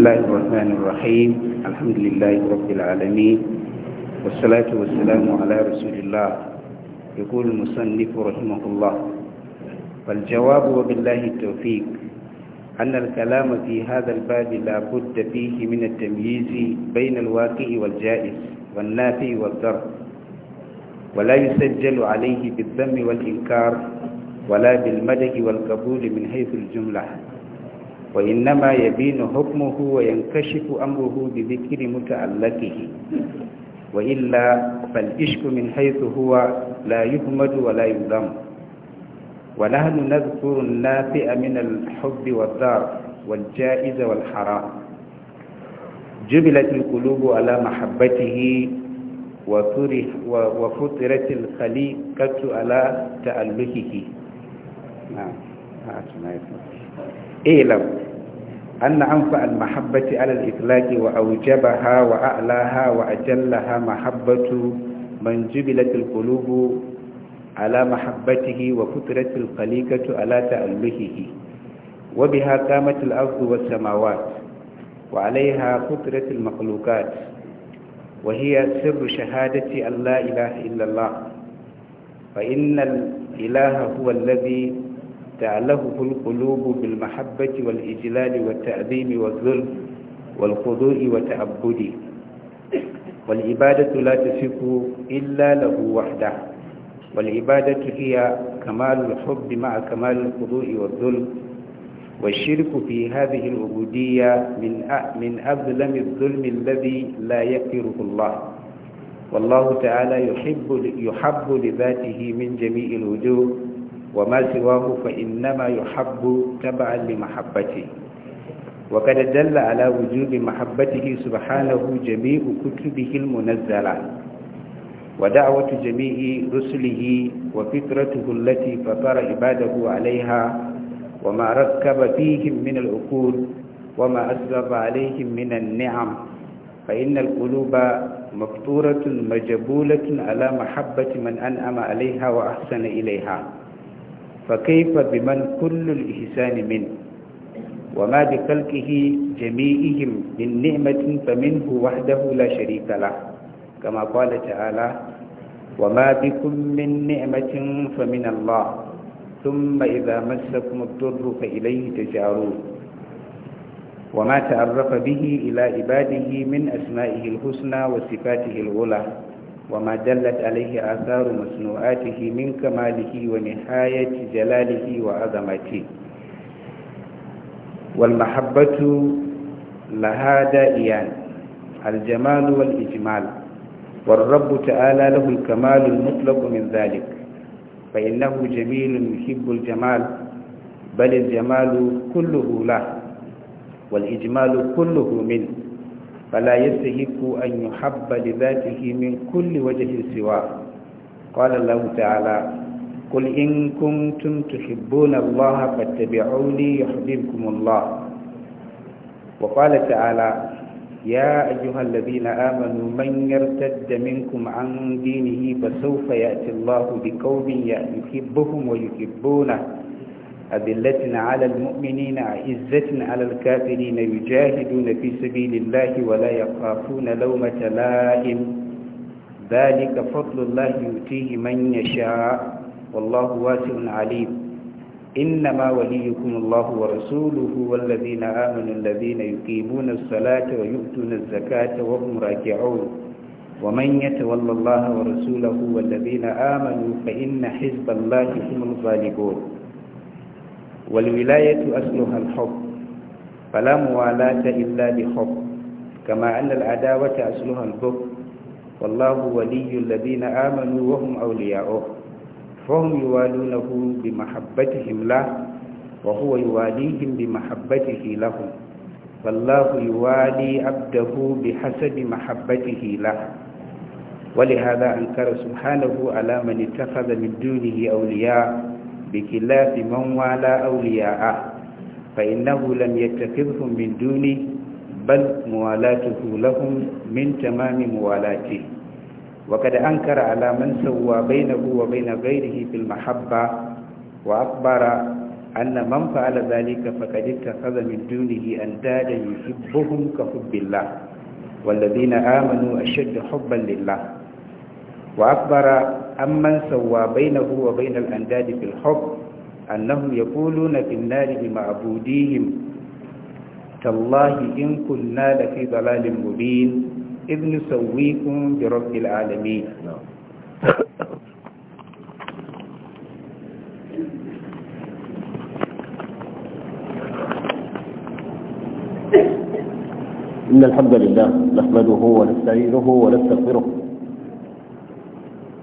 الله الرحمن الرحيم الحمد لله رب العالمين والصلاة والسلام على رسول الله يقول المصنف رحمه الله فالجواب وبالله التوفيق أن الكلام في هذا الباب لا بد فيه من التمييز بين الواقع والجائز والنافي والضر ولا يسجل عليه بالذم والإنكار ولا بالمدح والقبول من حيث الجملة wa innama ya binu hukumuhu wa yankashifu amruhu bi zikiri muta'allakihi wa illa fal ishku min haythu huwa la yuhmadu wa la yudham wa nahnu nadhkuru an-nafi'a min al-hubb wal ja'iza wal-haram jubilat al-qulubu ala mahabbatihi wa turi wa futirat al ala ta'allukihi ilam anna anfa al-mahabbati ala al-itlaqi wa awjabaha wa a'laha wa ajallaha mahabbatu man jubilat al-qulubu ala mahabbatihi wa futrat al-khaliqatu ala ta'alluhihi wa biha qamat al-ardu was samawat wa 'alayha futrat al-makhluqat وهي سر شهادة أن لا إله إلا Fa فإن الإله هو تعلهف القلوب بالمحبة والإجلال والتعظيم والذل والخضوع والتعبد والعبادة لا تثق إلا له وحده والعبادة هي كمال الحب مع كمال الخضوع والذل والشرك في هذه العبودية من من أظلم الظلم الذي لا يغفره الله والله تعالى يحب يحب لذاته من جميع الوجوه وما سواه فإنما يحب تبعا لمحبته وقد دل على وجود محبته سبحانه جميع كتبه المنزلة ودعوة جميع رسله وفطرته التي فطر عباده عليها وما ركب فيهم من العقول وما أسبب عليهم من النعم فإن القلوب مفطورة مجبولة على محبة من أنعم عليها وأحسن إليها فكيف بمن كل الإحسان منه وما بخلقه جميعهم من نعمة فمنه وحده لا شريك له كما قال تعالى وما بكم من نعمة فمن الله ثم إذا مسكم الضر فإليه تجارون وما تعرف به إلى عباده من أسمائه الحسنى وصفاته الغلى وما دلت عليه آثار مصنوعاته من كماله ونهاية جلاله وعظمته والمحبة لها دائيان الجمال والإجمال والرب تعالى له الكمال المطلق من ذلك فإنه جميل يحب الجمال بل الجمال كله له والإجمال كله منه فلا يستحق أن يحب لذاته من كل وجه سوى قال الله تعالى قل إن كنتم تحبون الله فاتبعوني يحببكم الله وقال تعالى يا أيها الذين آمنوا من يرتد منكم عن دينه فسوف يأتي الله بقوم يحبهم ويحبونه أذلة على المؤمنين عزة على الكافرين يجاهدون في سبيل الله ولا يخافون لومة لائم ذلك فضل الله يؤتيه من يشاء والله واسع عليم إنما وليكم الله ورسوله والذين آمنوا الذين يقيمون الصلاة ويؤتون الزكاة وهم راجعون ومن يتول الله ورسوله والذين آمنوا فإن حزب الله هم الغالبون والولاية أصلها الحب فلا موالاة إلا بحب كما أن العداوة أصلها البغض والله ولي الذين آمنوا وهم أولياؤه فهم يوالونه بمحبتهم له وهو يواليهم بمحبته لهم فالله يوالي عبده بحسب محبته له ولهذا أنكر سبحانه على من اتخذ من دونه أولياء بخلاف من والى أولياءه فإنه لم يتخذهم من دونه بل موالاته لهم من تمام موالاته وقد أنكر على من سوى بينه وبين غيره في المحبة وأخبر أن من فعل ذلك فقد اتخذ من دونه أندادا يحبهم كحب الله والذين آمنوا أشد حبا لله وأخبر أمن سوى بينه وبين الأنداد في الحب أنهم يقولون في النار بمعبوديهم تالله إن كنا لفي ضلال مبين إذ نسويكم برب العالمين إن الحمد لله نحمده ونستعينه ونستغفره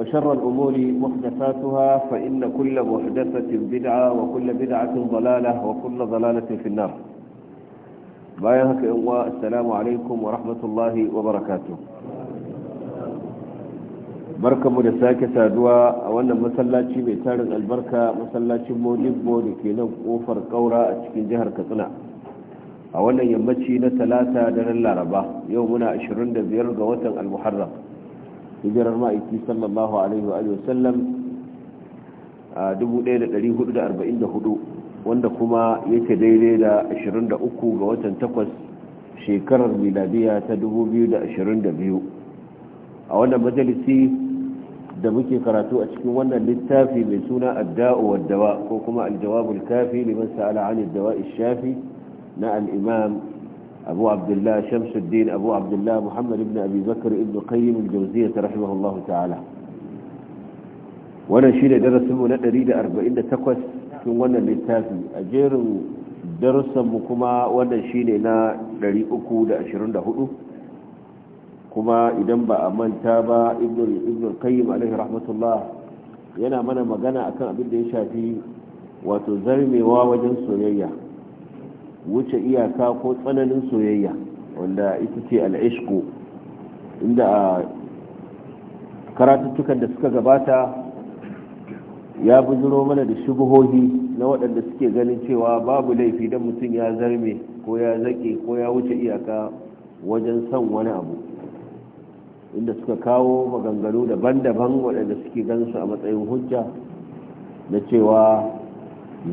وشر الأمور محدثاتها فإن كل محدثة بدعة وكل بدعة ضلالة وكل ضلالة في النار بايهك إنواء السلام عليكم ورحمة الله وبركاته بركة مدساكة سادوا أولا مسلاتي بيتارن البركة مسلاتي موجبو لكي نوفر قورة أتكين جهر كتنا أولا يمتشي نتلاتة دلالة ربا يومنا 25 ga watan المحرم hijirar ma'aiki sallallahu alaihi wa sallam a 1444 wanda kuma yake daidai da 23 ga watan 8 shekarar miladiya ta 2022 a wannan majalisi da muke karatu a cikin wannan littafi mai suna adda'u dawa ko kuma aljawabul kafi liman sa'ala 'an ad-dawa'i shafi na al-imam أبو عبد الله شمس الدين أبو عبد الله محمد بن أبي بكر ابن قيم الجوزية رحمه الله تعالى ونشيل درسه نريد أربعين تقوس شوانا للتافي أجير درس مكما ونشيلنا لريئكو لأشرون لهدو كما إذن بأمان تابا ابن, ابن القيم عليه رحمة الله yana mana magana akan abin da ya shafi wato zarmewa wajen soyayya wuce iyaka ko tsananin soyayya wanda ita ce al'ishku inda a karatuttukan da suka gabata ya zuro mana da shubuhohi na waɗanda suke ganin cewa babu laifi don mutum ya zarme ko ya zaƙe ko ya wuce iyaka wajen son wani abu inda suka kawo maganganu daban-daban waɗanda suke gansu a matsayin hujja na cewa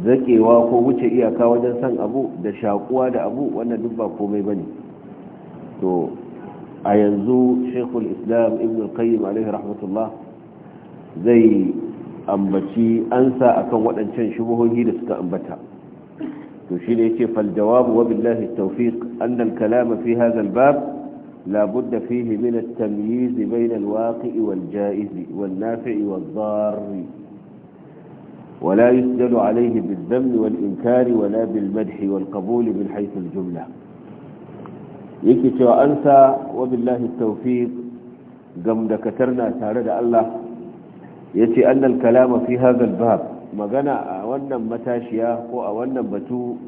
zakewa ko wuce iyaka wajen san abu da shakuwa da abu wannan duk ba komai bane to a yanzu shekul islam ibn al-qayyim alaihi rahmatullah zai ambaci ansa akan waɗancan shubuhohi da suka ambata to shine yake fal jawabu wa billahi at-tawfiq anna al-kalama fi hadha al-bab لا بد فيه من التمييز بين الواقع والجائز والنافع والضار ولا يسجل عليه بالذم والإنكار ولا بالمدح والقبول من حيث الجملة yake cewa an sa wa billahi tawfiq gam da katarna tare da Allah yace annal kalama fi hagar albab magana a wannan matashiya ko a wannan batu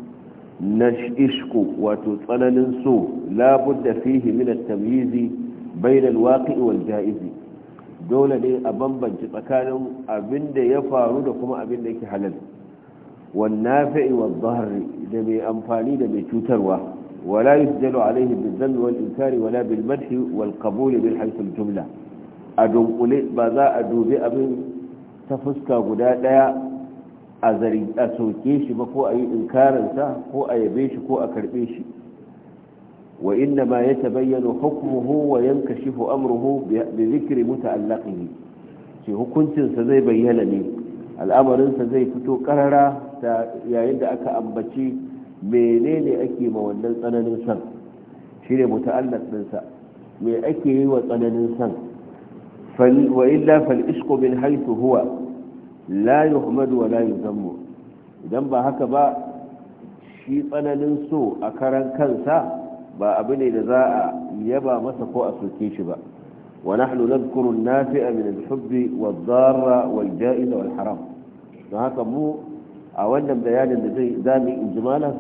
na ishku wato tsananin so la budda fihi min at-tamyiz bayna al-waqi' wal-ja'iz dole ne a bambanci tsakanin abinda ya faru da kuma abin da yake halal wanna fa'i wa da mai amfani da mai cutarwa wala yujalu alaihi bil zann wa inkar wala bil madh wal qabul bil haythu jumla a qul ba za a dubi abin ta fuska guda daya a sauke shi ba ko a yi inkarin sa ko a yabe shi ko a karbe shi وإنما ya حكمه وينكشف أمره بذكر متعلقه shi hukuncinsa zai bayyana ne al'amarinsa zai fito karara yayin da aka ambaci menene ake ma wannan tsananin san shi ne muta'allaq ɗinsa me ake yi wa tsananin san wa illa fal isku min haythu huwa la yuhmadu wa la yuzammu idan ba haka ba shi tsananin so a karan kansa ba abu ne da za a yaba masa ko a soke shi ba wa nahnu nadhkuru an-nafi'a min al-hubbi wad-darra wal-ja'iza wal-haram don haka mu a wannan bayanin da zai zamu ijmalan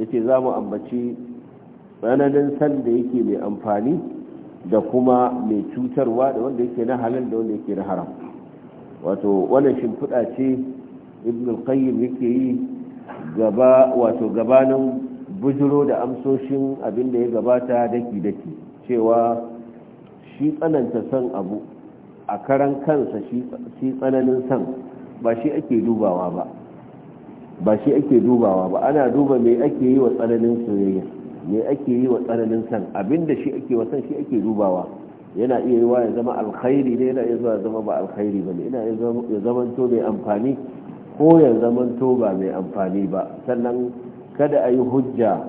yace zamu ambaci tsananin san da yake mai amfani da kuma mai cutarwa da wanda yake na halal da wanda yake na haram wato wannan shimfiɗa ce ibn al-qayyim yake yi gaba wato gabanin bujiro da amsoshin abin da ya gabata daki-daki cewa shi tsananta son abu a karan kansa shi tsananin son ba shi ake dubawa ba ba shi ake dubawa ba ana duba mai ake yi wa tsananin soyayya mai ake yi wa tsananin son abin da shi ake wa son shi ake dubawa yana iya yiwa ya zama alkhairi ne yana iya zuwa zama ba alkhairi ba ne yana iya zamanto mai amfani ko ya zama ba mai amfani ba sannan kada a yi hujja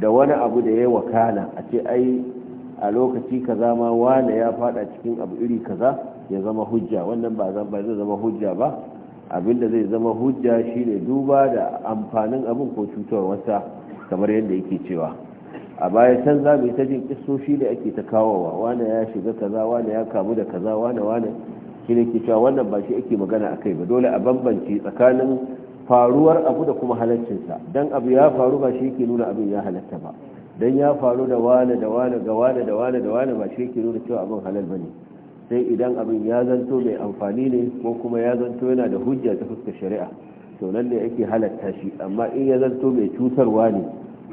da wani abu da ya yi wakana a ce ai a lokaci kaza ma wane ya fada cikin abu iri kaza ya zama hujja wannan ba zai zama hujja ba abinda zai zama hujja shine duba da amfanin abin ko cutar wata kamar yadda yake cewa a baya can za mu yi ta jin kisoshi da ake ta kawowa wane ya shiga kaza wane ya kamu da kaza wane wane shi ne ke cewa wannan ba shi ake magana a kai ba dole a bambance tsakanin faruwar abu da kuma halaccinsa don abu ya faru ba shi ke nuna abin ya halatta ba don ya faru da wane da wane ga wane da wane da wane ba shi ke nuna cewa abin halal ba ne sai idan abin ya zanto mai amfani ne ko kuma ya zanto yana da hujja ta fuskar shari'a to nan ne yake halatta shi amma in ya zanto mai cutarwa ne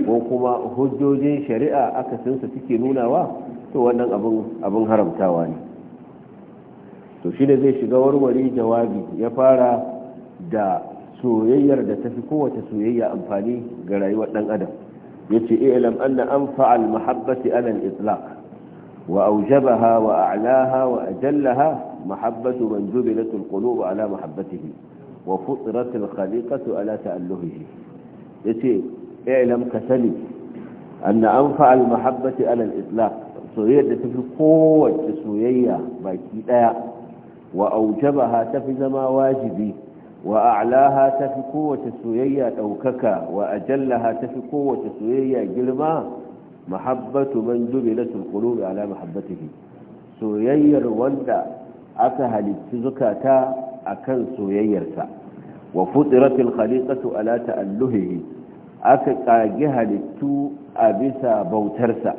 ko kuma hujjojin shari'a aka akasinsa suke nunawa to wannan abin haramtawa ne to shi ne zai shiga warware jawabi ya fara da soyayyar da ta fi kowace soyayya amfani ga rayuwar dan adam yace ilam anna anfa'a al-mahabbati ala al-itlaq wa awjabaha wa a'laha wa ajallaha mahabbatu man jubilat al-qulub ala mahabbatihi wa futrat al-khaliqatu ala ta'alluhihi yace ilam kasani anna anfa'a al-mahabbati ala al-itlaq soyayyar da ta fi kowace soyayya baki daya wa awjabaha fi zama wajibi وأعلاها تفي قوة سويا أوككا وأجلها تفي قوة سويا جلما محبة من جبلت القلوب على محبته سويا الوندى أكهل تزكاتا أكن سويا رسا وفطرت الخليقة على تألهه أكاجها للتو أبسا بوترسا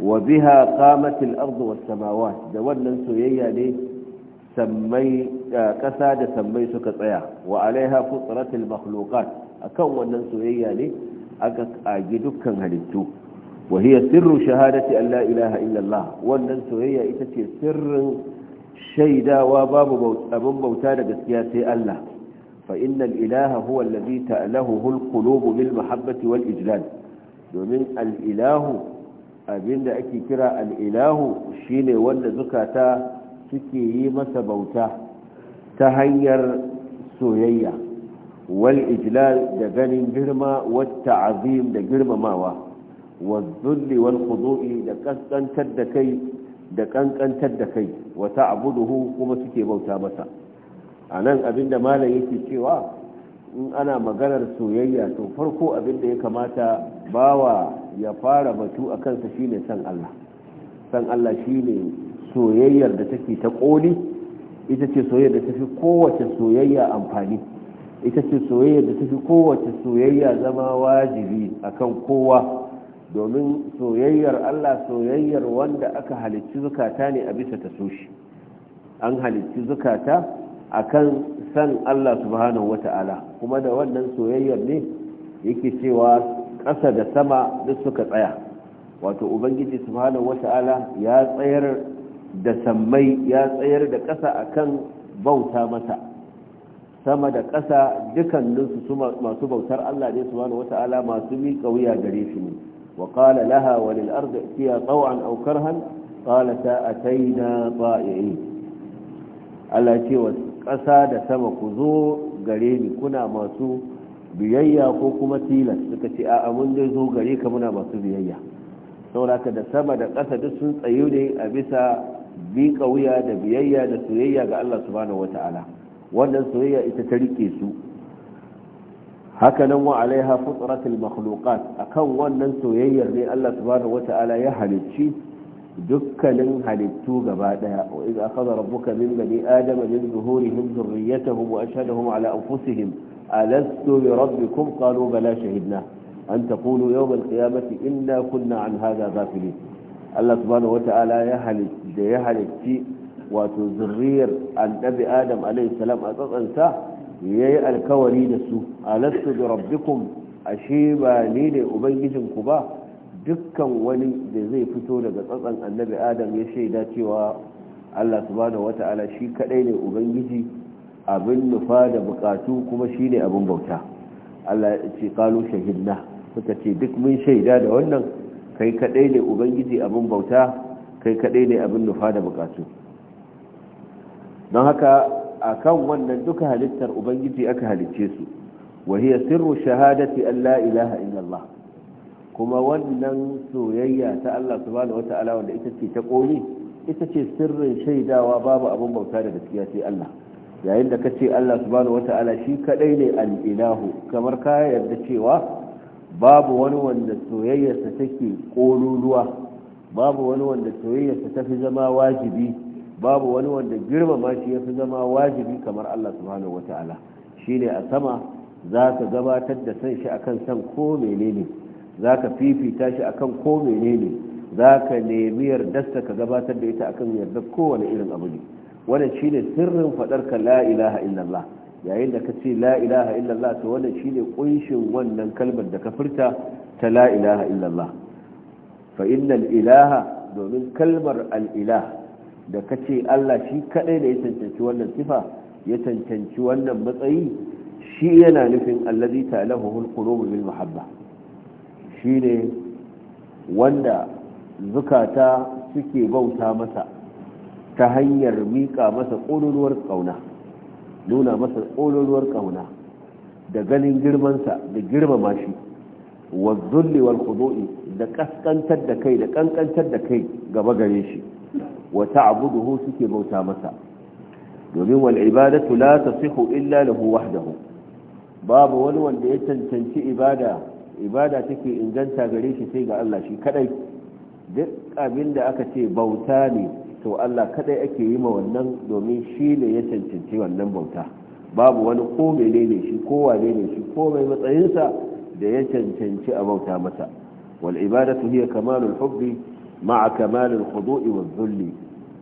وبها قامت الأرض والسماوات دولنا سويا ليه سمي kasa da sammai suka tsaya wa alaiha fitratul makhluqat akan wannan soyayya ne aka kage dukkan halittu wa hiya sirru shahadati an la ilaha illallah wannan soyayya ita ce sirrin shaidawa babu abin bauta da gaskiya sai Allah fa innal ilaha huwa alladhi ta'lahu al-qulub bil mahabbati wal ijlal domin al-ilahu abinda ake kira al-ilahu shine wanda zukata suke yi masa bauta ta hanyar soyayya wal ijlal da ganin girma wata azim da girmamawa wa zulli wal khudu'i da kaskantar da kai da kankantar da kai wa ta'buduhu kuma suke bauta masa anan abinda malam yake cewa in ana maganar soyayya to farko abinda ya kamata bawa ya fara batu a kansa shine san Allah san Allah shine soyayyar da take ta koli ita ce soyayya da tafi kowace soyayya amfani ita ce soyayya da tafi kowace soyayya zama wajibi akan kowa domin soyayyar Allah soyayyar wanda aka halicci zukata ne a bisa ta so shi an halicci zukata akan san Allah subhanahu wata'ala kuma da wannan soyayyar ne yake cewa ƙasa da sama duk suka tsaya wato ubangiji subhanahu wata'ala ya tsayar da sammai ya tsayar da ƙasa a kan bauta masa sama da ƙasa dukkaninsu su masu bautar Allah ne su subhanahu wata'ala masu miƙa wuya gare shi ne wa ƙala laha wa lil ardi atiya ta aw karhan qalata na ta'i'in Allah ce wa ƙasa da sama ku zo gare ni kuna masu biyayya ko kuma tilas suka ce a'a mun dai zo gare ka muna masu biyayya saboda da sama da ƙasa duk sun tsayu ne a bisa miƙa wuya da biyayya da soyayya ga Allah subhanahu wata'ala wannan soyayya ita ta rike su haka nan wa alaiha fitratul makhluqat akan wannan soyayyar ne Allah subhanahu wata'ala ya halicci dukkanin halittu gaba daya wa idza akhadha rabbuka min bani adama min zuhurihim dhurriyyatahum wa ashhadahum ala anfusihim alastu bi rabbikum qalu bala shahidna an taqulu yawm al-qiyamati inna kunna an hadha ghafilin Allah subhanahu wata'ala ya halitta da ya halitti wato zurriyar annabi Adam alaihi salam a tsatsansa yayi alkawari da su alastu bi rabbikum ashe ba ni ne ku ba dukkan wani da zai fito daga tsatsan annabi Adam ya shaida cewa Allah subhanahu wata'ala shi kadai ne ubangiji abin nufa da bukatu kuma shi ne abin bauta Allah ya ce kalu shahidna suka ce duk mun shaida da wannan kai kadai ne ubangiji abin bauta kai kadai ne abin nufa da bukatu don haka akan wannan duka halittar ubangiji aka halicce su wahiyar sirru shahadati Allah ilaha illallah kuma wannan soyayya ta Allah subhanahu wa ta'ala wanda ita ce ta koli ita ce sirrin shaidawa babu abin bauta da gaskiya sai Allah yayin da kace Allah subhanahu wa ta'ala shi kadai ne al kamar ka yarda cewa babu wani wanda soyayyarsa take ƙoruruwa babu wani wanda soyayyarsa ta fi zama wajibi babu wani wanda girmama shi ya fi zama wajibi kamar Allah subhanahu wata'ala shine a sama za ka gabatar da san shi akan san ko menene za ka fifita shi akan ko menene za ka nemi yardarsa ka gabatar da ita akan yardar kowane irin abu ne wannan shine sirrin faɗarka la ilaha illallah yayin da ka ce la ilaha illallah to wannan shine kunshin wannan kalmar da ka furta ta la ilaha illallah fa innal ilaha domin kalmar al ilah da ka ce Allah shi kadai da ya cancanci wannan sifa ya cancanci wannan matsayi shi yana nufin allazi ta'alahu al-qulub bil mahabba shine wanda zukata suke bauta masa ta hanyar miƙa masa ƙololuwar ƙauna nuna masa ƙololuwar ƙauna da ganin girmansa da girmama shi wa zulli wal khudu'i da kaskantar da kai da kankantar da kai gaba gare shi wa ta'buduhu suke bauta masa domin wal ibadatu la tasihu illa lahu wahdahu babu wani wanda ya cancanci ibada ibada take inganta gare shi sai ga Allah shi kadai duk abin da aka ce bauta ne to Allah kadai ake yi ma wannan domin shi ne ya cancanci wannan bauta babu wani ko menene shi ko wane ne shi ko mai matsayinsa da ya cancanci a bauta masa wal ibadatu hiya kamalul hubbi ma'a kamalul khudu'i wal dhulli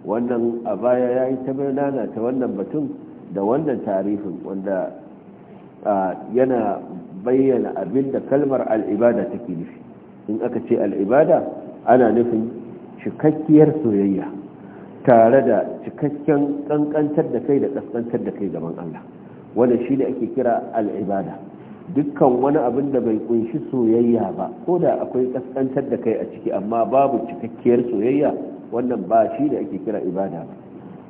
wannan a baya yayi ta bayyana ta wannan batun da wannan tarihin wanda yana bayyana abinda kalmar alibada take nufi in aka ce alibada ana nufin cikakkiyar soyayya tare da cikakken kankantar da kai da kaskantar da kai gaban Allah wanda shi da ake kira al'ibada dukkan wani abin da bai kunshi soyayya ba ko da akwai kaskantar da kai a ciki amma babu cikakkiyar soyayya wannan ba shi da ake kira ibada ba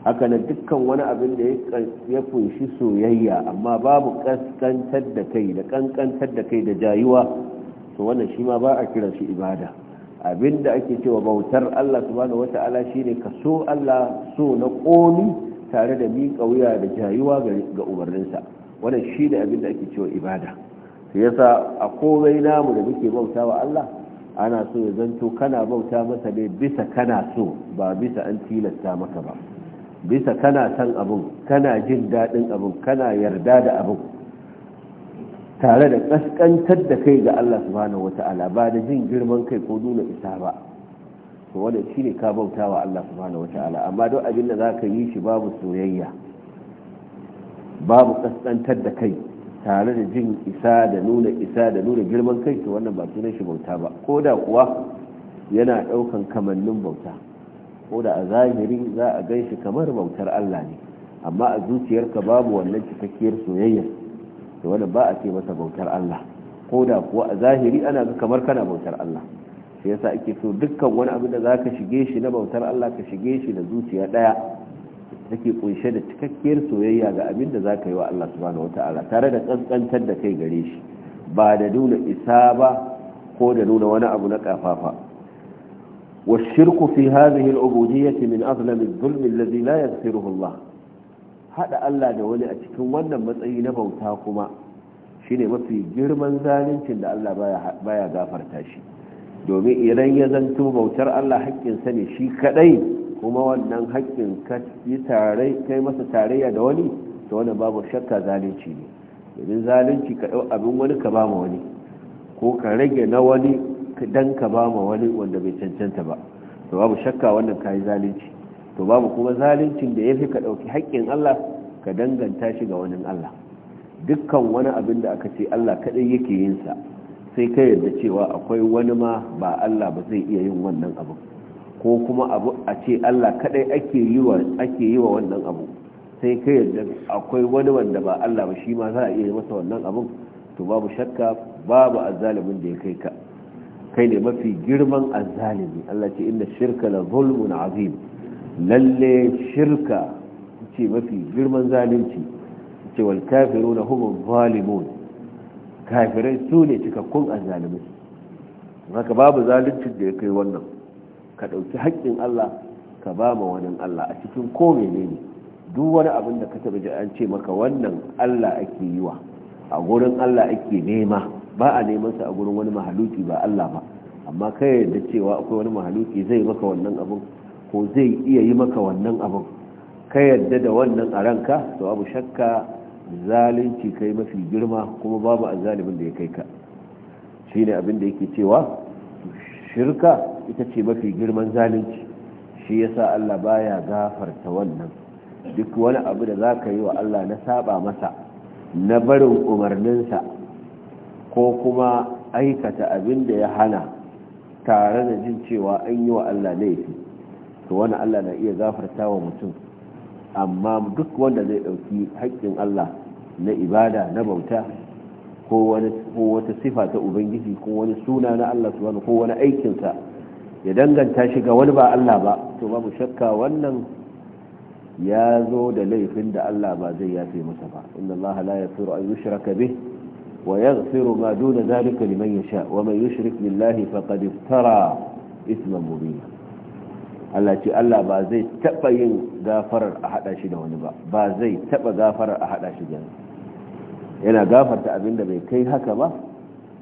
haka na dukkan wani abin da ya kunshi soyayya amma babu kaskantar da kai da kankantar da kai da jayuwa to wannan shi ma ba a kiran shi ibada abinda ake cewa bautar Allah subhanahu wata'ala shine kaso Allah so na komi tare da bi wuya da jayuwa ga umarninsa wannan shine abinda ake cewa ibada sai yasa a komai namu da muke bauta wa Allah ana so ya zanto kana bauta masa ne bisa kana so ba bisa an tilasta maka ba bisa kana san abun kana jin daɗin abun kana yarda da abun tare da kaskantar da kai ga Allah subhanahu wata'ala ba da jin girman kai ko nuna isa ba to wanda shi ne ka bauta wa Allah subhanahu wata'ala amma duk abin da za ka yi shi babu soyayya babu kaskantar da kai tare da jin isa da nuna isa da nuna girman kai to wannan ba sunan shi bauta ba ko da kuwa yana ɗaukan kamannin bauta ko da a zahiri za a gan kamar bautar Allah ne amma a zuciyarka babu wannan cikakkiyar soyayya da wannan ba a ce masa bautar Allah ko da kuwa a zahiri ana ga kamar kana bautar Allah sai yasa ake so dukkan wani abu da zaka shige shi na bautar Allah ka shige shi da zuciya daya take kunshe da cikakkiyar soyayya ga abin da zaka yi wa Allah subhanahu wataala tare da tsantsantar da kai gare shi ba da nuna isa ba ko da nuna wani abu na kafafa والشرك في هذه العبودية من أظلم الظلم الذي لا يغفره الله hada Allah da wani a cikin wannan matsayi na bauta kuma shi ne mafi girman zaluncin da Allah baya gafarta shi domin idan ya zanto bautar Allah haƙƙinsa ne shi kaɗai kuma wannan haƙƙin kai masa tarayya da wani to wani babu shakka zalunci ne domin zalunci ka ɗau abin wani ka ba ma wani ko ka rage na wani dan ka ba ma wani wanda bai cancanta ba to babu shakka wannan yi zalunci to babu kuma zalincin da ya fi ka ɗauki haƙƙin Allah ka danganta shi ga wani Allah dukkan wani abin da aka ce Allah kaɗai yake yin sa sai ka yarda cewa akwai wani ma ba Allah ba zai iya yin wannan abu ko kuma abu a ce Allah kaɗai ake yi wa ake yi wa wannan abu sai ka yarda akwai wani wanda ba Allah ba shi ma za a iya masa wannan abun to babu shakka babu azzalimin da ya kai ka kai ne mafi girman azzalimi Allah ce inna shirka la zulmun azim lalle shirka ce mafi girman zalunci ce wal kafiru na hukun zalimun kafirai su ne cikakkun azalimai ka babu zaluncin da ya kai wannan ka ɗauki haƙƙin Allah ka ba ma wani Allah a cikin ne ne duk wani abin da ka taɓa ji an ce maka wannan Allah ake yi wa a gurin Allah ake nema ba a neman sa a gurin wani mahaluki ba Allah ba amma kai da cewa akwai wani mahaluki zai maka wannan abin ko zai iya yi maka wannan abin ka yadda da wannan a ranka to abu shakka zalunci kai mafi girma kuma babu azalimin da ya kai ka shi ne abin da yake cewa shirka ita ce mafi girman zalunci shi yasa Allah baya gafarta wannan duk wani abu da za ka yi wa Allah na saba masa na barin umarninsa ko kuma aikata abin da ya hana tare da jin cewa an yi wa Allah laifi to wani Allah na iya gafarta wa mutum amma duk wanda zai ɗauki haƙƙin Allah na ibada na bauta ko wata sifa ta ubangiji ko wani suna na Allah subhanahu ko wani aikinsa ya danganta shi ga wani ba Allah ba to babu shakka wannan ya zo da laifin da Allah ba zai yafe masa ba inna Allah la yaghfiru an yushraka bih wa yaghfiru ma duna zalika liman yasha wa man yushrik billahi faqad iftara isman mubina Allah ce Allah ba zai taɓa yin gafarar a haɗa shi da wani ba ba zai taɓa gafarar a haɗa shi da yana gafarta abinda bai kai haka ba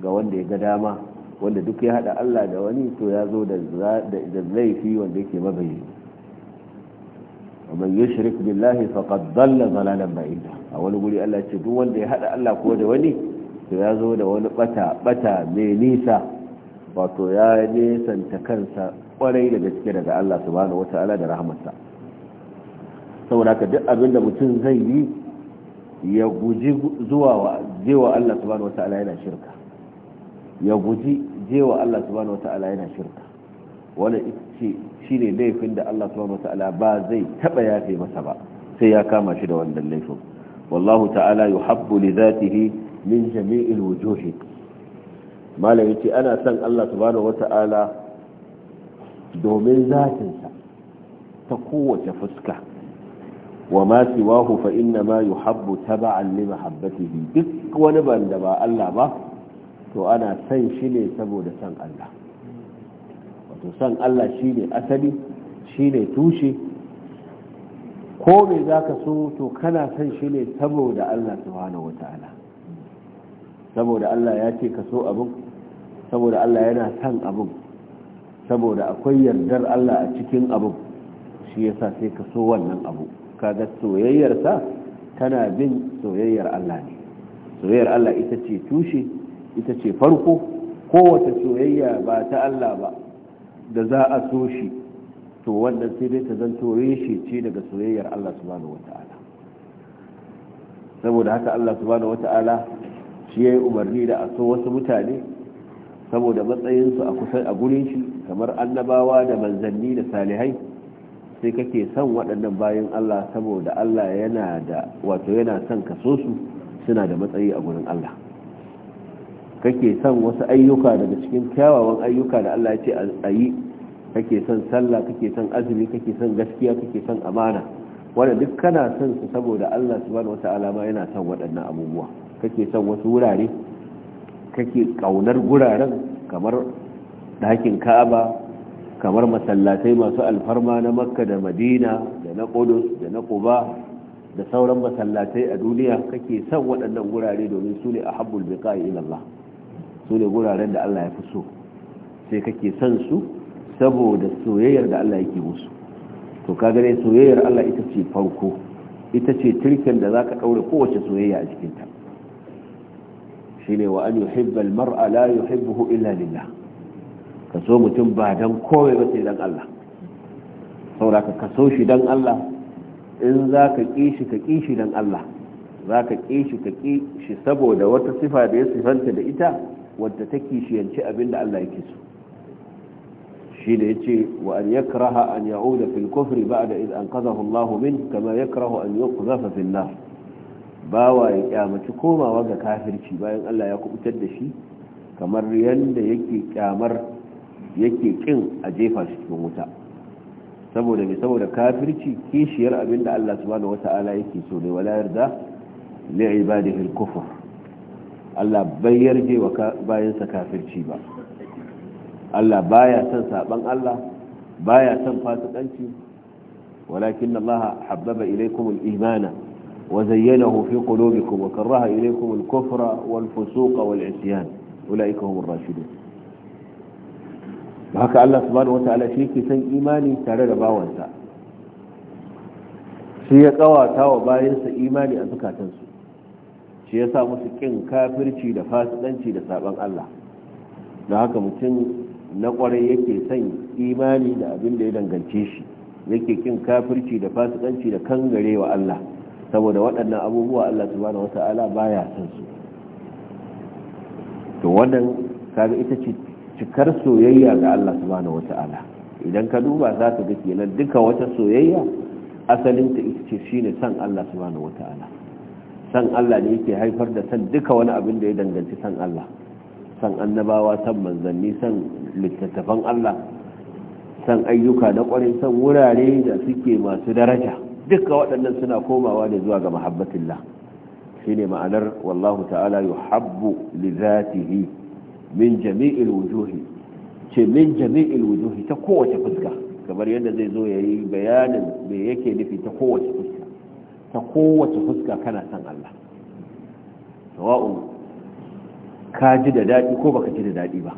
ga wanda ya ga dama wanda duk ya haɗa Allah da wani to ya zo da laifi wanda yake mabayi ومن يشرك بالله فقد ضل ضلالا a wani guri Allah ce duk wanda ya haɗa Allah ko da wani to ya zo da wani bata bata mai nisa wato ya nesanta kansa kwarai da gaske daga Allah subhanahu wata'ala da rahmatsa saboda ka duk abinda mutum zai yi ya guji zuwa wa jewa Allah subhanahu wata'ala yana shirka ya guji jewa Allah subhanahu wata'ala yana shirka wala ce shine laifin da Allah subhanahu wata'ala ba zai taba yafe masa ba sai ya kama shi da wannan laifin wallahu ta'ala yuhabbu li zatihi min jami'il wujuhi malai yace ana son Allah subhanahu wata'ala domin zatinsa ta kowace fuska wa ma siwahu fa inna ma yuhabbu taba'an li mahabbatihi duk wani banda ba Allah ba to ana san shi ne saboda san Allah wato san Allah shi ne asali shi ne tushe ko me ka so to kana san shi ne saboda Allah subhanahu wataala saboda Allah ya ce ka so abin saboda Allah yana san abin saboda akwai yardar Allah a cikin abu shi yasa sai ka so wannan abu kaga soyayyarsa tana bin soyayyar Allah ne soyayyar Allah ita ce tushe ita ce farko kowace soyayya ba ta Allah ba da za a so shi to wannan sai dai ta zanto reshe ce daga soyayyar Allah subhanahu wata'ala saboda haka Allah subhanahu wata'ala shi yayi umarni da a so wasu mutane saboda matsayinsu a kusa a gurin shi kamar annabawa da manzanni da salihai sai kake son waɗannan bayan Allah saboda Allah yana da wato yana son kaso su suna da matsayi a gurin Allah kake son wasu ayyuka daga cikin kyawawan ayyuka da Allah ya ce a yi kake son sallah kake son azumi kake son gaskiya kake son amana wanda duk kana son su saboda Allah subhanahu wata'ala ma yana son waɗannan abubuwa kake son wasu wurare kake kaunar guraren kamar ɗakin ka'aba kamar masallatai masu alfarma na makka da madina da na kudus da na kuba da sauran masallatai a duniya kake son waɗannan gurare domin su ne a habbul biƙa'i ilallah su ne guraren da allah ya fi so sai kake son su saboda soyayyar da allah yake musu to kaga dai soyayyar allah ita ce farko ita ce turken da za ka ɗaure kowace soyayya a cikinta shi ne wa an yuhibbal mar'a la yuhibbuhu illa lillah ka so mutum ba don kowai ba sai don Allah saboda ka so shi don Allah in za ka ƙi shi ka ƙi shi don Allah za ka ƙi shi ka ƙi shi saboda wata sifa da ya sifanta da ita wadda ta kishiyanci abin da Allah yake so shi da ya ce wa an yakraha an ya'uda fil ba ba'da iz anqadhahu Allah min kama yakrahu an yuqzafa fil nar bawa ya kyamaci komawa ga kafirci bayan Allah ya kubutar da shi kamar yadda yake kyamar yake kin a jefa shi cikin wuta saboda mai saboda kafirci kishiyar abin da Allah subhanahu ta'ala yake so ne wala yarda li ibadihi al-kufr Allah bai yarje wa sa kafirci ba Allah baya son saban Allah baya son fasikanci walakin Allah habbaba ilaykum al-imana wa zayyanahu fi qulubikum wa karaha ilaykum al-kufra wal-fusuqa wal-isyan ulaika humur rashidun haka Allah subhanahu ta'ala shi ke san imani tare da bawansa shi ya kawata wa bayansa imani a zukatansu shi ya sa musu kin kafirci da fasikanci da saban Allah don haka mutum na kwarai yake son imani da abin da ya dangance shi yake kin kafirci da fasikanci da kangare wa Allah saboda waɗannan abubuwa Allah subhanahu wata'ala baya son su to wannan kaga ita ce cikar soyayya ga Allah subhanahu wata'ala idan ka duba za ka ga kenan duka wata soyayya asalin ta ita shine san Allah subhanahu wata'ala san Allah ne yake haifar da san duka wani abin da ya danganci san Allah san annabawa san manzanni san littattafan Allah san ayyuka na kwarai san wurare da suke masu daraja duka waɗannan suna komawa ne zuwa ga mahabbatillah shine ma'anar wallahu ta'ala yuhabbu li zatihi min jami'il wujuhi ce min jami'il wujuhi ta kowace fuska kamar yadda zai zo ya yi bayanin me yake nufi ta kowace fuska ta kowace fuska kana san Allah sawa'un ka ji da daɗi ko baka ji da daɗi ba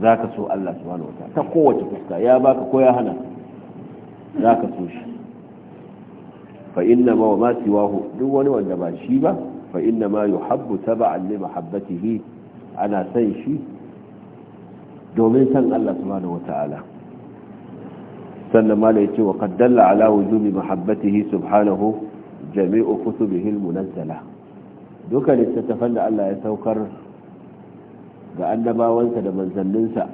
za ka so Allah su hana wata ta kowace fuska ya baka ko ya hana za ka so shi fa inna ma wa ma siwahu duk wani wanda ba shi ba fa inna ma yuhabbu tab'an li mahabbatihi ana san shi domin san Allah subhanahu wata'ala sannan mala yace wa qad ala wujubi muhabbatihi subhanahu jami'u kutubihi al-munazzala duka littattafan da Allah ya saukar ga annabawansa da manzanninsa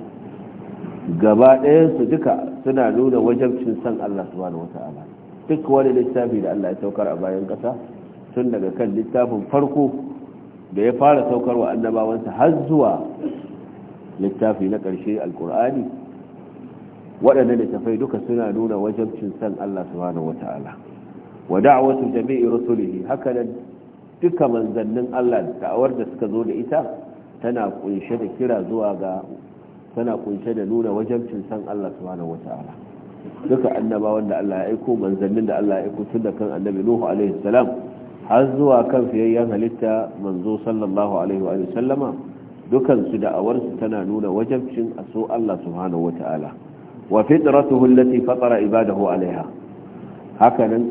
gaba ɗayansu duka suna nuna wajabcin san Allah subhanahu wata'ala duk wani littafi da Allah ya saukar a bayan ƙasa tun daga kan littafin farko da ya fara saukar wa annabawansa har zuwa littafi na ƙarshe alkur'ani waɗanda littafai duka suna nuna wajabcin san Allah subhanahu wata'ala wa da'watu jami'i rusulihi hakanan duka manzannin Allah da'awar da suka zo da ita tana kunshe da kira zuwa ga tana kunshe da nuna wajabcin san Allah subhanahu wata'ala duka annabawan da Allah ya aiko manzannin da Allah ya aiko tun da kan annabi Nuhu alaihi salam har zuwa kan fiyayyen halitta manzo sallallahu alaihi wa sallama dukansu da'awarsu tana nuna wajabcin a so Allah subhanahu wa ta'ala wa fitratuhu allati fatara ibadahu alaiha hakanan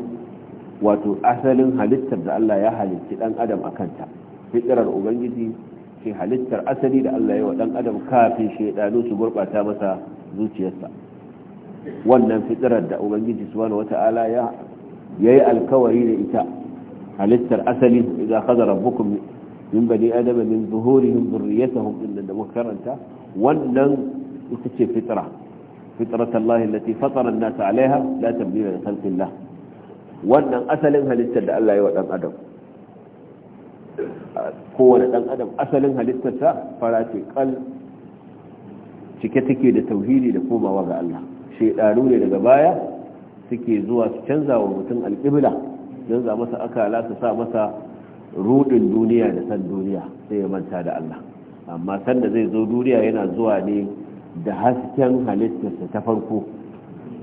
wato asalin halittar da Allah ya halitti dan adam akanta fitrar ubangiji ke halittar asali da Allah ya wa dan adam kafin shedanu su gurbata masa zuciyarsa wannan fitrar da ubangiji subhanahu wa ta'ala ya yayi alkawari da ita halittar asali idza khadara rabbukum min bani adama min zuhurihim dhurriyyatahum illa da mukaranta wannan ita ce fitra fitratan Allah allati fatara an-nas alaiha la tabdila li khalqillah wannan asalin halittar da Allah ya wa dan adam kowane dan adam asalin halittarsa fara ce kal cike take da tauhidi da komawa ga Allah shedanu ne daga baya suke zuwa su canza wa mutum alƙibla canza masa akala su sa masa rudin duniya da san duniya sai ya manta da Allah amma sanda zai zo duniya yana zuwa ne da hasken halittarsa ta farko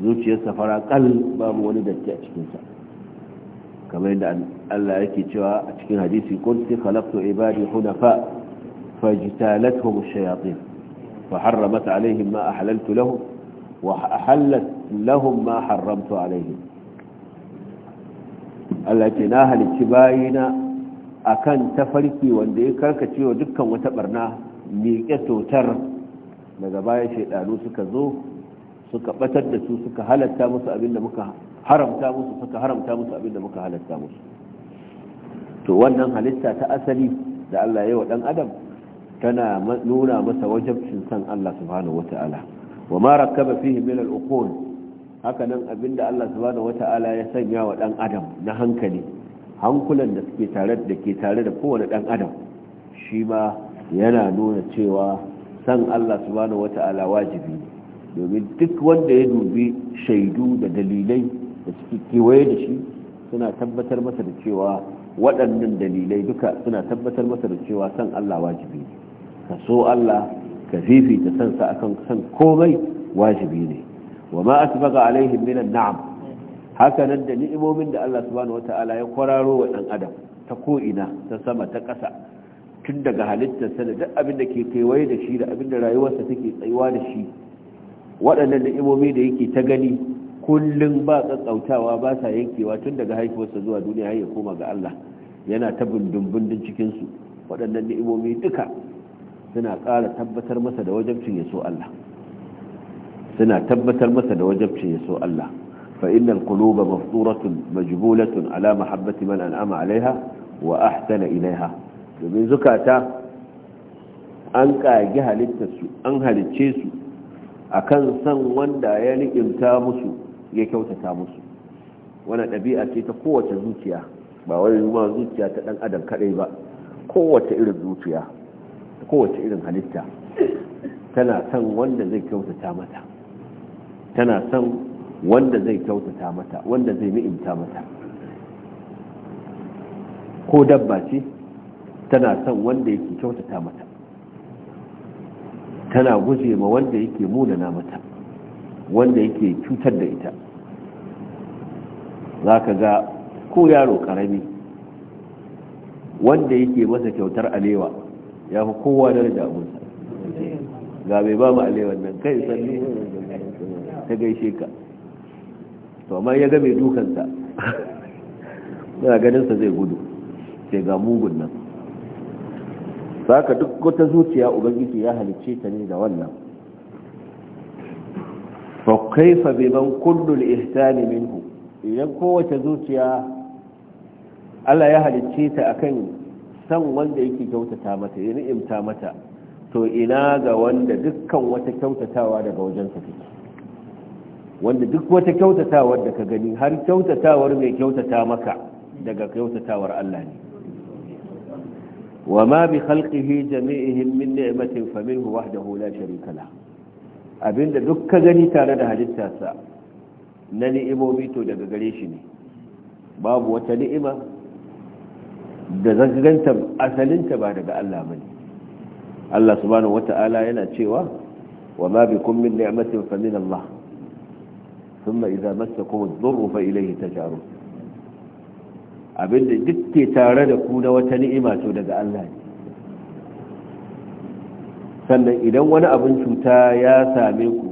zuciyarsa fara kal babu wani datti a cikinsa kamar yadda Allah yake cewa a cikin hadisi kun sai khalaqtu ibadi hunafa fajtalatuhum ash-shayatin fa harramat alaihim ma ahlaltu lahum wa ahallat lahum ma haramtu alaihim Allah ce na halicci bayina akan tafarki wanda ya karkace wa dukkan wata barna miƙe totar daga baya shaidanu suka zo suka batar da su suka halatta musu abinda muka haramta musu suka haramta musu abinda muka halatta musu to wannan halitta ta asali da Allah ya wa dan adam tana nuna masa wajabcin san Allah subhanahu wata'ala wa ma rakkaba fihi min al-uqul haka nan da Allah subhanahu wata'ala ya sanya wa dan adam na hankali hankulan da suke tare da ke tare da kowane dan adam shi ma yana nuna cewa san Allah subhanahu wata'ala wajibi domin duk wanda ya dubi shaidu da dalilai da suke kewaye da shi suna tabbatar masa da cewa waɗannan dalilai duka suna tabbatar masa da cewa san Allah wajibi ne ka so Allah ka fifita sansa akan san komai wajibi ne wa ma asbaga alaihim minan na'am Hakanan da ni'imomin da Allah subhanahu wata'ala ya kwararo wa dan adam ta ko ina ta sama ta ƙasa tun daga halittarsa da duk abin da ke kewaye da shi da abin da rayuwarsa take tsayuwa da shi waɗannan ni'imomi da yake ta gani kullum ba tsatsautawa ba sa yankewa tun daga haifuwarsa zuwa duniya har ya koma ga Allah yana ta bindin cikin su waɗannan ni'imomi duka suna ƙara tabbatar masa da wajabcin ya so Allah suna tabbatar masa da wajabci ya so Allah fa innal quluba mafturatun majbulatun ala mahabbati man an'ama alaiha wa ahsana ilaiha domin zukata an kage halittar su an halicce su akan san wanda ya ni'imta musu ya kyautata musu Wani ɗabi'a ce ta kowace zuciya ba wani ma zuciya ta ɗan adam kaɗai ba kowace irin zuciya kowace irin halitta tana son wanda zai kyautata mata tana son wanda zai kyautata mata wanda zai ni'imta mata ko dabba ce tana son wanda yake kyautata mata tana guje ma wanda yake munana mata wanda yake cutar da ita za ka ga ko yaro karami wanda yake masa kyautar alewa ya fi kowa da abunsa ga bai ba mu alewan nan kai sannu ta gaishe ka to amma ya ga mai dukansa ganin ganinsa zai gudu sai ga mugun nan saka duk wata zuciya ubangiji ya halicce ta ne da wannan fa kaifa man kullu al minhu idan kowace zuciya Allah ya halicce ta akan san wanda yake kyautata mata ya ni'imta mata to ina ga wanda dukkan wata kyautatawa daga wajensa take wanda duk wata kyautatawar da ka gani har kyautatawar mai kyautata maka daga kyautatawar Allah ne wa ma bi khalqihi jami'ihim min ni'matin faminhu wahdahu la sharika la abinda duk ka gani tare da halittarsa na ni'imomi to daga gare shi ne babu wata ni'ima da zaganta asalinta ba daga Allah bane Allah subhanahu wata'ala yana cewa wa ma bikum min ni'matin Allah ثم إذا مسكم الضر فإليه ta abin abinda duk ke tare da ku na wata ni'ima daga Allah sannan idan wani abun cuta ya same ku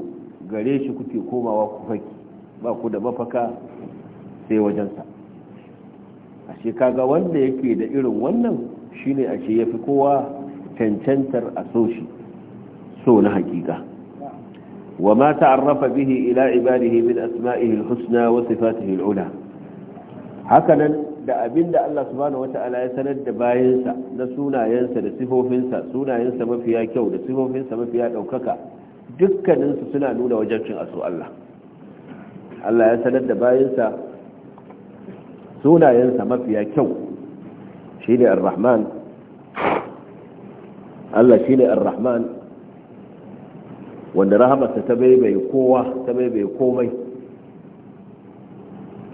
gare shi kuke komawa ku faki ba ku da mafaka sai wajensa ashe kaga wanda yake da irin wannan shine ashe yafi kowa cancantar a so so na hakika وما تعرف به إلى عباده من أسمائه الحسنى وصفاته العلى هكذا da abin da Allah subhanahu wata'ala ya sanar da bayansa na sunayensa da sifofinsa sunayensa mafiya kyau da sifofinsa mafiya ɗaukaka dukkaninsu suna nuna wajen asu Allah Allah ya sanar bayansa sunayensa mafiya kyau shi ne ar-Rahman Allah shi ne rahman wanda rahamarsa ta baibaye kowa ta baibaye komai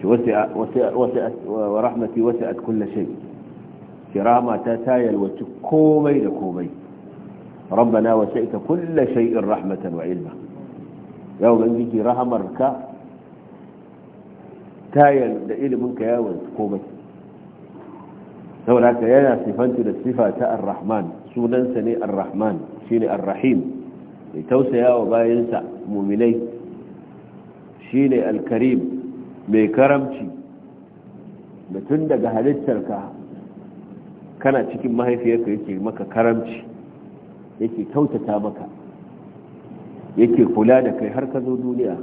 ki wa rahmati wasi'at kulli shay ki rahmata ta yalwaci komai da komai rabbana wasi'ta kulli shay'in rahmatan wa ilma ya ubangiji rahamarka ta yal da ilimin ka yawon komai saboda ka yana sifantu da sifa ta ar-rahman sunansa ne ar-rahman shine ar-rahim mai tausaya wa bayansa muminai shi ne alkarim mai karamci da tun daga halittarka kana cikin mahaifiyarka yake maka karamci yake kyautata maka yake kula da kai har ka zo duniya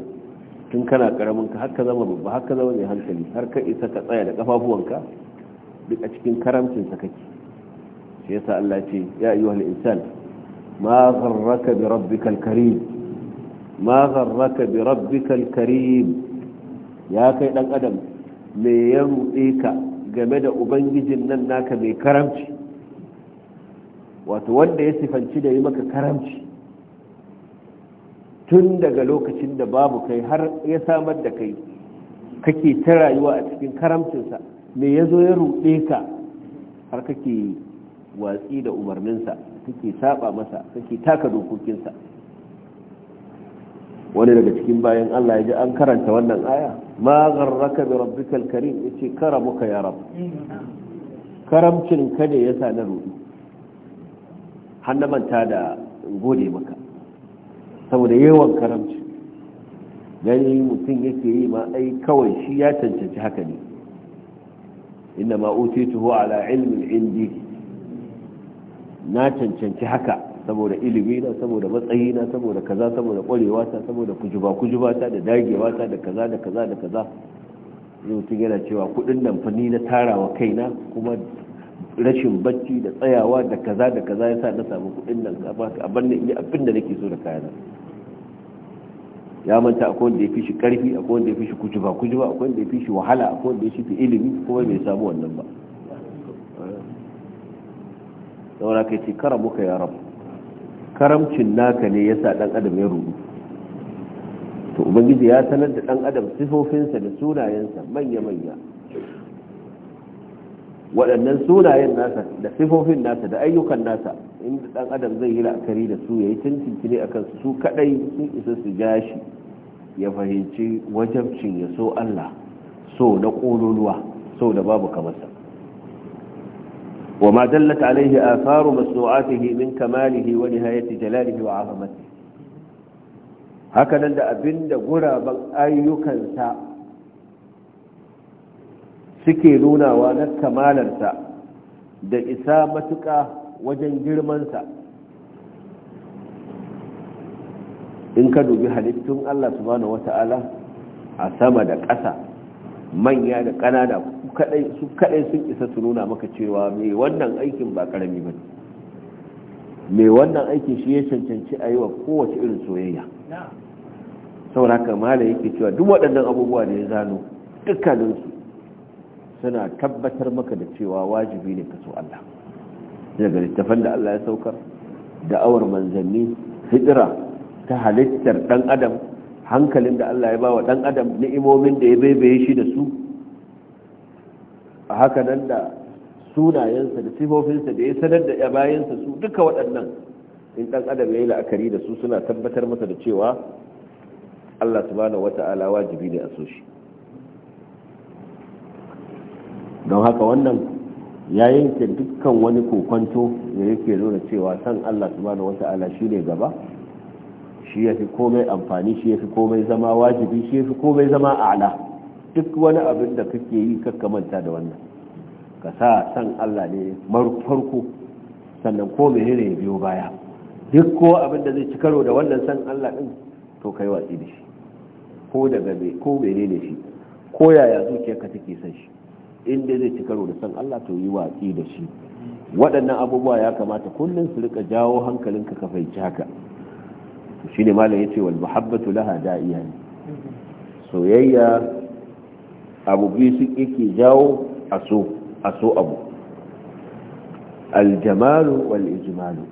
tun kana karamin ka har ka zama babba har ka zama mai hankali har ka isa ka tsaya da kafafuwanka duk a cikin karamcinsa kake shi yasa Allah ce ya ayyuhal insan ما غرك بربك الكريم ما غرك بربك الكريم يا كي دان ادم me ya game da ubangijin nan naka mai karamci wato wanda ya sifanci da yi maka karamci tun daga lokacin da babu kai har ya samar da kai kake ta rayuwa a cikin karamcinsa me ya zo ya ruɗe ka har kake watsi da umarninsa kake saba masa kake taka dokokinsa wani daga cikin bayan Allah ya ji an karanta wannan aya ma gharraka bi rabbikal karim yace karamuka ya rab karamcin ka ne yasa na rudu hanna manta da gode maka saboda yawan karamci gani mutum yake yi ma ai kawai shi ya cancanci haka ne inna ma utituhu ala ilmin indi na cancanci haka saboda ilimi na saboda matsayi na saboda kaza saboda kwarewa ta saboda kujuba kujuba ta da dagewa ta da kaza da kaza da kaza yau tun yana cewa kudin damfani na tarawa kaina kuma rashin bacci da tsayawa da kaza da kaza ya sa na samu kudin nan abin da abin da nake so da kayana ya manta akwai wanda ya fi shi karfi akwai wanda ya fi shi kujuba kujuba akwai wanda ya fi shi wahala akwai wanda ya fi ilimi kuma bai samu wannan ba saboda kai ce muka ya rabu karamcin naka ne ya sa dan adam ya rubu to ubangiji ya sanar da dan adam sifofinsa da sunayensa manya-manya waɗannan sunayen nasa da sifofin nasa da ayyukan nasa inda ɗan adam zai yi la'akari da su ya yi tuntuntuni a akan su kaɗai sun isa su ja shi ya fahimci wajabcin ya so allah so na ƙololuwa so da babu kamarsa وما دلت عليه آثار مصنوعاته من كماله ونهاية جلاله وعظمته هكذا da abin da guraben ayyukansa suke nunawa na kamalarsa da isa matuƙa wajen girmansa in ka dubi halittun Allah subhanahu a sama da ƙasa manya da ƙanana. su kadai sun isa su nuna maka cewa mai wannan aikin ba karami ba mai wannan aikin shi ya cancanci a yi wa kowace irin soyayya saboda haka mala yake cewa duk waɗannan abubuwa da ya zano dukkaninsu suna tabbatar maka da cewa wajibi ne ka so Allah daga littafan da Allah ya saukar da'awar manzanni hijira ta halittar dan adam hankalin da Allah ya ba wa dan adam ni'imomin da ya baibaye shi da su a haka nan da sunayensa da sifofinsa da ya sanar da bayansa su duka waɗannan in ɗan adam ya yi la'akari da su suna tabbatar masa da cewa Allah subhanahu wata'ala wajibi ne a so shi don haka wannan ya yanke dukkan wani kokonto da yake nuna cewa san Allah subhanahu wata'ala shi ne gaba shi ya fi komai amfani shi ya fi komai zama wajibi shi ya fi komai zama a'la duk wani abin da kake yi kakka manta da wannan ka sa san Allah ne farko sannan ko ne ya biyo baya duk ko abin da zai ci karo da wannan san Allah din to kai watsi da shi ko daga me ko ne shi ko yaya ka take son shi inda zai ci karo da san Allah to yi watsi da shi waɗannan abubuwa ya kamata kullum su rika jawo hankalinka ka fahimci haka shi ne malam ce wal muhabbatu laha da'iya soyayya abu biyu su yake jawo a so abu aljamalu wal ijmalu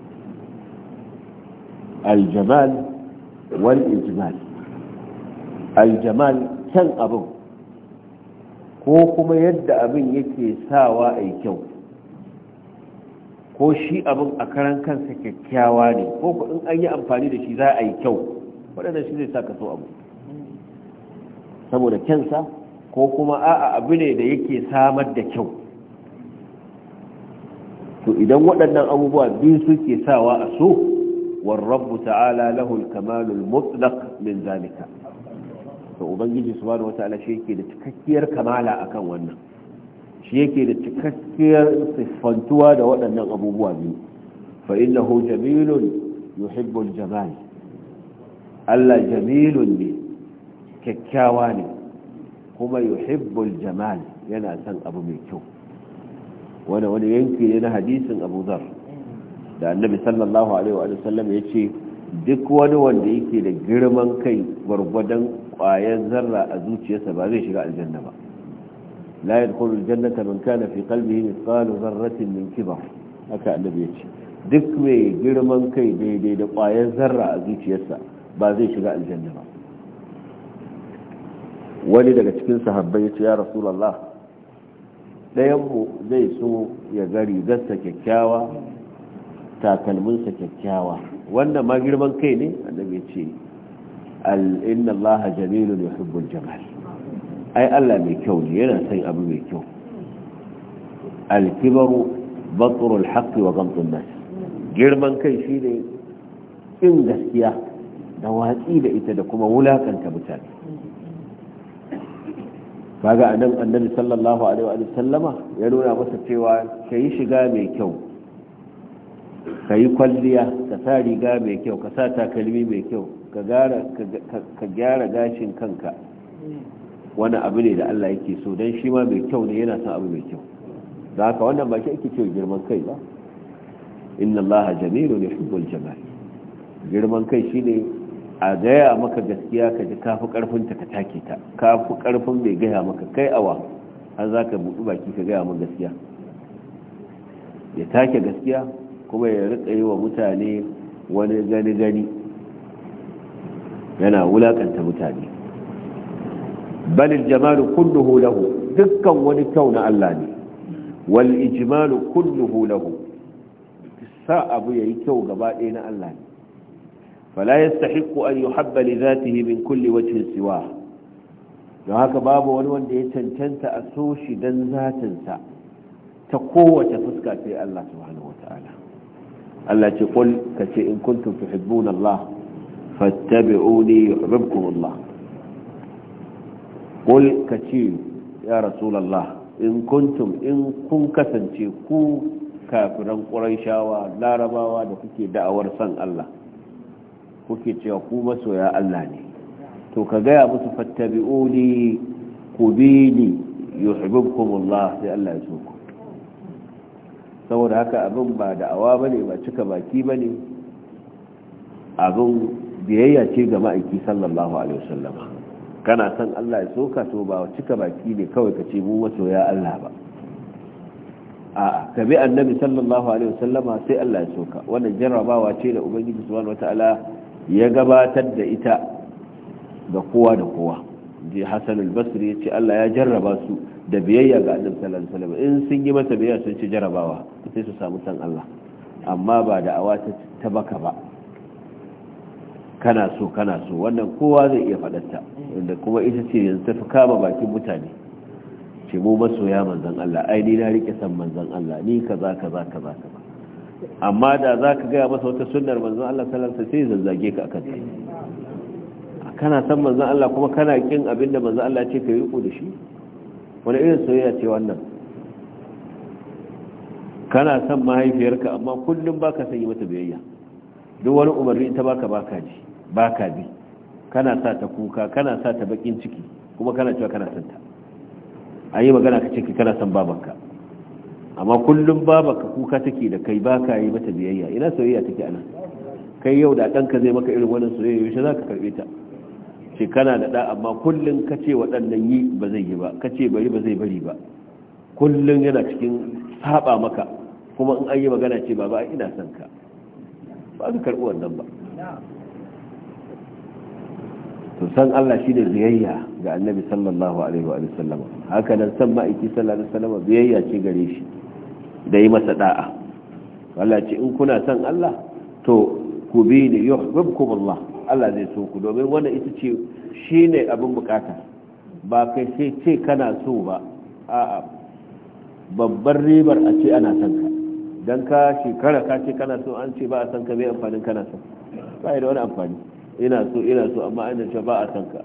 aljamal wal ijmal aljamal kyan abin ko kuma yadda abin yake sawa a kyau ko shi abin a karan kansa kyakkyawa ne ko in an yi amfani da shi za a yi kyau waɗanda shi zai sa ka so abu saboda kyansa ko kuma a'a abu ne da yake samar da kyau to idan waɗannan abubuwa biyu suke sawa a so warrabu ta'ala lahul kamalul mutlaq min zalika to ubangiji subhanahu wata'ala shi yake da cikakkiyar kamala akan wannan shi yake da cikakkiyar siffantuwa da waɗannan abubuwa biyu fa innahu jamilun yuhibbul jamal Allah jamilun ne kyakkyawa ne kuma yuhibbul jamal yana son abu mai kyau wani wani yanki ne na hadisin abu zar da annabi sallallahu alaihi wa sallam ya ce duk wani wanda yake da girman kai gwargwadon kwayan zarra a zuciyarsa ba zai shiga aljanna ba la yadkhulu aljannata man kana fi qalbihi mithqalu dharratin min kibar haka annabi ya ce duk mai girman kai daidai da kwayan zarra a zuciyarsa ba zai shiga aljanna ba wani daga cikin sahabbai ya ce ya rasulallah ɗayanmu zai so ya ga rigarsa kyakkyawa takalminsa kyakkyawa wanda ma girman kai ne annabi ce inna allaha jamilun yuhibbul jamal ai Allah mai kyau ne yana son abu mai kyau alkibaru batrul haqqi wa ghamtun nas girman kai shine in gaskiya da watsi da ita da kuma wulakanta mutane kaga nan annabi sallallahu alaihi wa sallama ya nuna masa cewa kai shiga mai kyau kai kwalliya ka sa riga mai kyau ka sa takalmi mai kyau ka gara gyara gashin kanka wani abu ne da Allah yake so dan shi ma mai kyau ne yana son abu mai kyau da haka wannan ba shi ake cewa girman kai ba inna Allah jamilun yuhibbul jamal girman kai shine a gaya maka gaskiya ka ji kafi karfin ta ka take ta kafi karfin bai gaya maka kai awa har za ka buɗi baki ka gaya maka gaskiya ya take gaskiya kuma ya rika yi wa mutane wani gani gani yana wulakanta mutane balil jamalu kulluhu lahu dukkan wani kyau na Allah ne wal ijmalu kulluhu lahu sa abu yayi kyau gaba ɗaya na Allah ne فلا يستحق أن يحب لذاته من كل وجه سواه don haka babu wani wanda ya cancanta a soshi shi don zatinsa ta kowace fuska sai Allah subhanahu wa ta'ala Allah ce kul ka ce in kuntum tuhibbuna Allah fattabi'uni yuhibbukum Allah kul ka ce ya rasulullah in kuntum in kun kasance ku kafiran quraishawa larabawa da kuke da'awar san Allah kuke cewa ku masoya Allah ne to ka gaya musu fattabi'uni ku bi ni yuhibbukumullah sai Allah ya so ku saboda haka abin ba da'awa bane ba cika baki bane abin biyayya ce ga ma'aiki sallallahu alaihi wasallam kana san Allah ya soka to ba cika baki ne kawai ka ce mu masoya Allah ba a ka bi annabi sallallahu alaihi wasallama sai Allah ya soka wannan jarrabawa ce da ubangiji subhanahu wataala ya gabatar da ita ga kowa da kowa ji hasan al-basri ya ce Allah ya jarraba su da biyayya ga annabi sallallahu in sun yi masa biyayya sun ci jarrabawa sai su samu san Allah amma ba da awa ta baka ba kana so kana so wannan kowa zai iya ta. Inda kuma ita ce yanzu ta fi kama bakin mutane ce mu masoya manzon Allah ai ni na rike san manzon Allah ni kaza kaza kaza kaza amma da za ka gaya masa wata sunar manzan Allah sallallahu sai zazzage ka akan ta kana san manzan Allah kuma kana kin abinda manzan Allah ce kai yi da shi wani irin soyayya ce wannan kana san mahaifiyarka amma kullum ba ka yi mata biyayya duk wani umarni ta baka baka ji baka bi kana sa ta kuka kana sa ta bakin ciki kuma kana cewa kana santa ayi magana ka ce kana san babanka amma kullum baba ka kuka take da kai ba ka yi mata biyayya ina soyayya take ana kai yau da ɗanka zai maka irin wannan soyayya yaushe za ka karɓe ta ce kana da ɗa amma kullum ka ce waɗannan yi ba zai yi ba ka ce bari ba zai bari ba kullum yana cikin saba maka kuma in an yi magana ce ba ba ina son ka ba ka karɓi wannan ba to san Allah shi ne biyayya ga annabi sallallahu alaihi wa sallam haka nan san ma'aiki sallallahu alaihi wa sallama biyayya ce gare shi da yi masa da'a Allah ce in kuna son Allah to ku bi ni yuhibbukum Allah Allah zai so ku domin wannan ita ce shine abin bukata ba kai sai ce kana so ba a'a babbar ribar a ce ana son ka dan ka shekara ka ce kana so an ce ba a son ka mai amfanin kana so ba da wani amfani ina so ina so amma an ce ba a son ka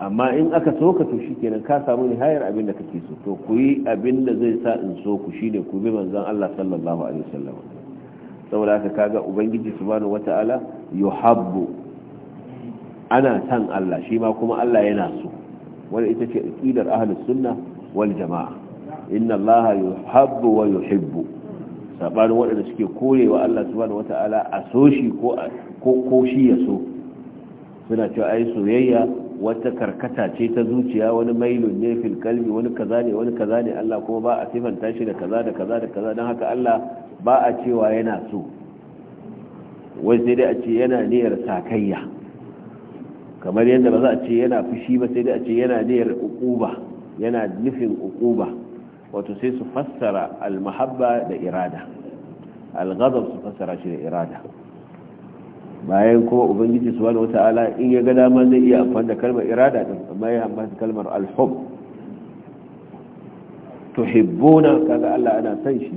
amma in aka so ka to shikenan ka samu nihayar abin da kake so to ku yi abin da zai sa in so ku shine ku bi manzon Allah sallallahu alaihi wasallam saboda haka kaga ubangiji subhanahu wataala yuhabbu ana san Allah shi ma kuma Allah yana so wanda ita ce aqidar ahlus sunna wal jamaa inna Allah yuhabbu wa yuhibbu sabanin waɗanda suke korewa Allah subhanahu wataala a so shi ko ko shi ya so suna cewa ai soyayya wata karkata ce ta zuciya wani mailun ne fil kalbi wani kaza ne wani kaza ne Allah kuma ba a sifanta shi da kaza da kaza da kaza don haka Allah ba a cewa yana so wai sai dai a ce yana niyyar sakayya kamar yadda ba za a ce yana fushi ba sai dai a ce yana niyyar ukuba yana nufin ukuba wato sai su fassara al-mahabba da irada al-ghadab su fassara shi da irada bayan kuma ubangiji subhanahu wata'ala in ya ga dama zai iya amfani da kalmar irada din amma ya amfani da kalmar alhub tuhibbuna kaga Allah ana san shi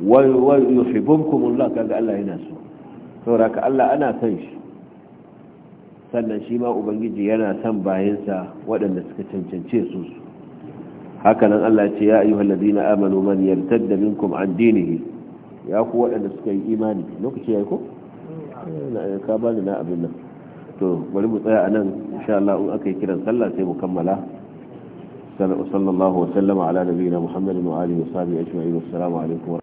wa yuhibbukum Allah kaga Allah yana so saboda ka Allah ana san shi sannan shi ma ubangiji yana son bayansa waɗanda suka cancance su hakanan Allah ce ya ayyuhal ladina amanu man yartadda minkum an dinihi ya ku waɗanda suka yi imani lokaci yayi ko ka ba na abin nan to bari mu tsaya a nan insha in aka yi kiran sallah sai mu kammala sallallahu nabiyina muhammadin